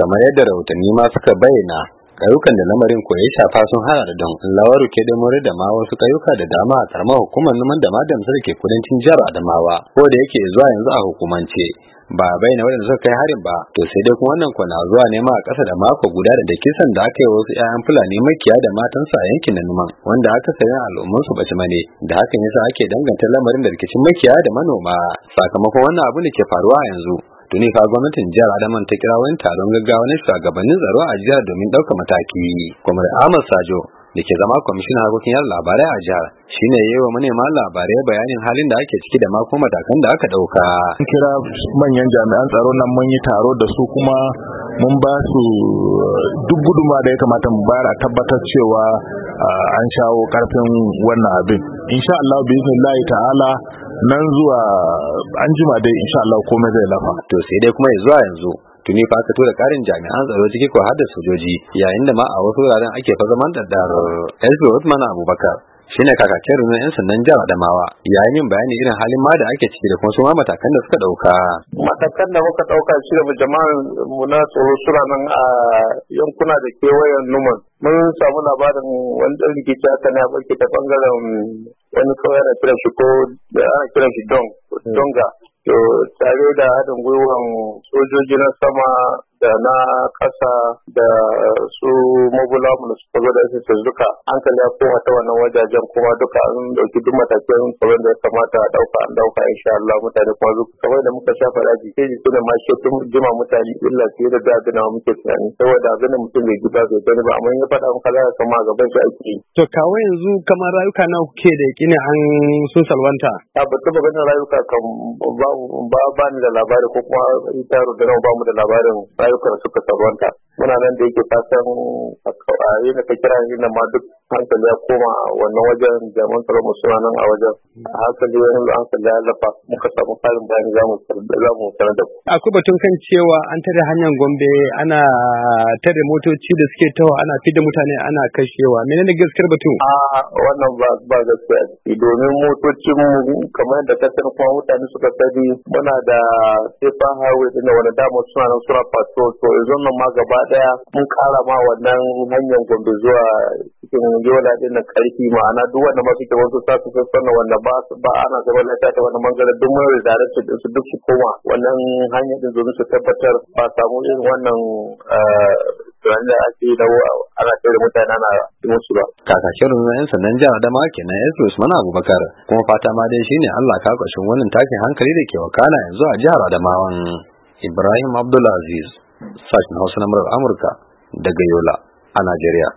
kamar yadda rahotanni ma suka bayyana kayukan da lamarin ko ya shafa sun hana da don lawaru ke da more da ma wasu kayuka da dama a karamar hukumar numan da ma damsar ke kudancin jihar adamawa ko da yake zuwa yanzu a hukumance ba bayyana waɗanda suka kai harin ba to sai dai kuma wannan kwana zuwa nema a ƙasa da mako guda da kisan da aka yi wasu 'ya'yan fulani makiya da matansa a yankin na numan wanda aka sayi al'umman su bace mane da hakan yasa ake danganta lamarin da rikicin makiya da manoma sakamakon wannan abu ne ke faruwa yanzu tuni fa gwamnatin jihar Adaman ta kira wani taron gaggawa na shugabannin tsaro a jihar domin ɗaukar mataki kwamar Ahmad Sajo da ke zama kwamishinan harkokin yar labarai a jihar shi ne yi wa manema labarai bayanin halin da ake ciki da mako matakan da aka ɗauka. an kira manyan jami'an tsaro nan mun yi taro da su kuma mun ba su uh, duk guduma da ya kamata mu bayar a tabbatar cewa uh, an shawo karfin wannan abin insha Allah bi ta'ala nan zuwa an jima dai insha Allah komai zai lafa to sai dai kuma zuwa yanzu tuni fa ka tura karin jami'an tsaro ciki ko har sojoji yayin da ma a wasu wuraren ake fa zaman daddar Esbe Uthman Abubakar shine kakakin rundunar 'yan sandan da Adamawa yayin yin bayani irin halin ma da ake ciki da kuma su ma matakan da suka dauka. Matakan da muka dauka shi da jama'an mu na tsoro sura nan a yankuna da kewayen numan. Mun samu labarin wani dan rikici aka na barke ta bangaren wani kawai ana kiran shi ko ana kiran shi don hmm. donga to tare da haɗin gwiwan sojoji na sama da na ƙasa da su mobula mu su zo da sss duka hankali ya koma ta wannan wajajen kuma duka an dauki duk matakin tsaron da ya kamata a dauka an dauka insha Allah mutane kuma zuku kamar da muka shafa daji sai ji suna ma shi tun jima mutane illa fiye da da abin muke tunani saboda abin da mutum bai gida bai gani ba amma in ya faɗa maka za ka kama gaban shi ake yi. to kawo yanzu kamar rayuka na kuke da ne an sun salwanta. a ba ta maganar rayuka kan ba ba ni da labari ko kuma ita da ba mu da labarin rayukan suka salwanta. muna nan da yake fatan a yadda na kira yanzu na ma duk hankali ya koma wannan wajen jaman tsaron mu suna nan a wajen hankali wani da hankali ya lafa muka samu farin bayan za mu sanar da ku. akwai batun kan cewa an tare hanyar gombe ana tare motoci da suke tawa ana fidda mutane ana kashewa menene gaskiyar batun. a wannan ba ba gaskiya ce domin motocin mu kamar yadda ka sani kuma mutane suka sani muna da sefa highway din da wani damar suna nan suna patrol to yanzu nan ma gaba daya mun kara ma wannan hanyar gombe zuwa cikin Angola din da karfi ma'ana duk wanda masu ke wasu sa su sassana wanda ba ba ana zaman lafiya ta wani bangaren duk mun redirected su duk su koma wannan hanyar din zo su tabbatar ba samu irin wannan tunanin eh, ake yi ana kai da mutane na musu ba. Kakashin rundunar 'yan sandan jihar Adama kenan ya su Usman Abubakar kuma fata ma dai shine Allah ka kwashin wannan takin hankali da ke wakana yanzu a jihar Adamawan. Ibrahim Abdulaziz, sashen Hausa na Amurka daga Yola a Najeriya.